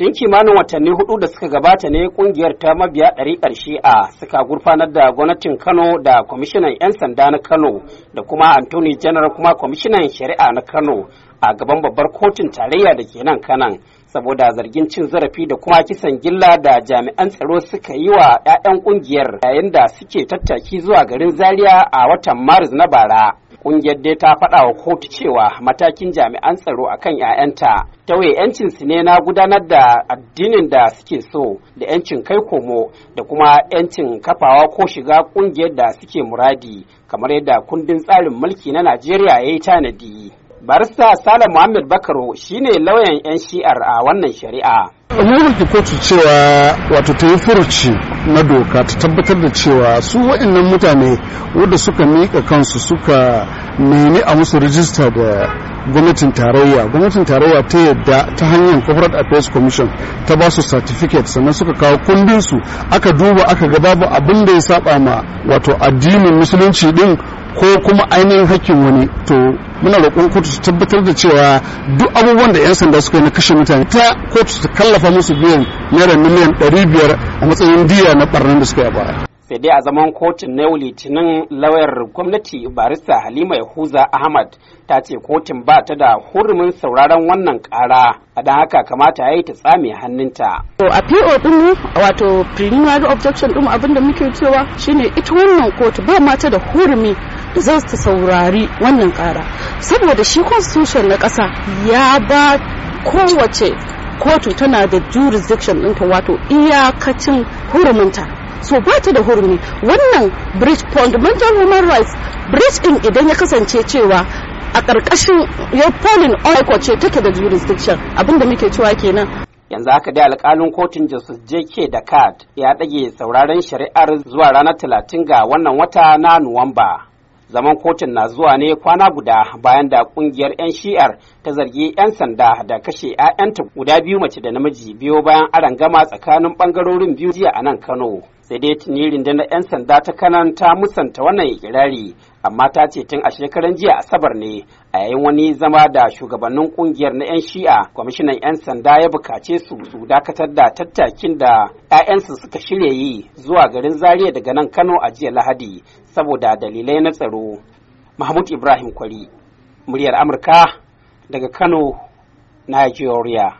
tun kimanin watanni hudu da suka gabata ne kungiyar ta mabiya ɗari ƙarshe a suka gurfanar da gwamnatin kano da kwamishinan 'yan sanda na kano da kuma antony general kuma kwamishinan shari'a na kano a gaban babbar kotun tarayya da ke nan kanan saboda zargin cin zarafi da kuma kisan gilla da jami'an tsaro suka yi wa 'ya'yan kungiyar yayin da suke tattaki zuwa garin zaria a watan maris na bara Ƙungiyar dai ta faɗa wa kotu cewa matakin jami'an tsaro a kan 'ya'yanta tauye 'yancinsu ne na gudanar da addinin da suke so da 'yancin kai komo da kuma 'yancin kafawa ko shiga ƙungiyar da suke muradi kamar yadda kundin tsarin mulki na Najeriya ya yi tanadi. barista sale muhammad bakaro shine lauyan 'yan shi'ar a wannan shari'a mun kotu cewa wato ta yi furuci na doka ta tabbatar da cewa su waɗannan mutane wanda suka miƙa kansu suka nemi a musu rijista da gwamnatin tarayya gwamnatin tarayya ta yadda ta hanyar corporate affairs commission ta ba su certificate sannan suka kawo kundin su aka duba aka ga babu abin da ya saba ma wato addinin musulunci din ko kuma ainihin hakkin wani to muna roƙon kotu su tabbatar da cewa duk abubuwan da 'yan sanda suka yi na kashe mutane ta kotu ta kallafa musu biyan naira miliyan 500 a matsayin diya na barnan da suka yi sai dai a zaman kotun na yau litinin lauyar gwamnati barista halima yahuza ahmad ta ce kotun ba ta da hurumin sauraron wannan kara a dan haka kamata ya yi ta tsame hannunta. to a po din wato preliminary objection din abin muke cewa shine ita wannan kotu ba mata da hurumi za su saurari wannan kara saboda shi constitution na ƙasa ya ba kowace kotu tana da jurisdiction ɗinta wato iyakacin huruminta so ba ta da hurumi wannan bridge fundamental human rights bridge in idan ya kasance cewa a ƙarƙashin polin polling ce take da jurisdiction abinda muke cewa kenan yanzu haka dai alkalin kotun justice jk da card ya ɗage sauraron shari'ar zuwa ranar talatin ga wannan wata na nuwamba zaman kotun na zuwa ne kwana guda bayan da kungiyar 'yan shi'ar ta zargi 'yan sanda da kashe 'ya'yanta guda biyu mace da namiji biyo bayan arangama tsakanin ɓangarorin biyu jiya a nan kano sai dai da na 'yan sanda ta kanan ta musanta wannan ikirari amma ta ce tun a shekaran jiya asabar ne a yayin wani zama da shugabannin ƙungiyar na 'yan shi'a kwamishinan 'yan sanda ya bukace su su dakatar da tattakin da 'ya'yansu suka shirya yi zuwa garin zaria daga nan kano a jiya lahadi saboda dalilai na tsaro mahmud ibrahim kwari muryar amurka daga kano nigeria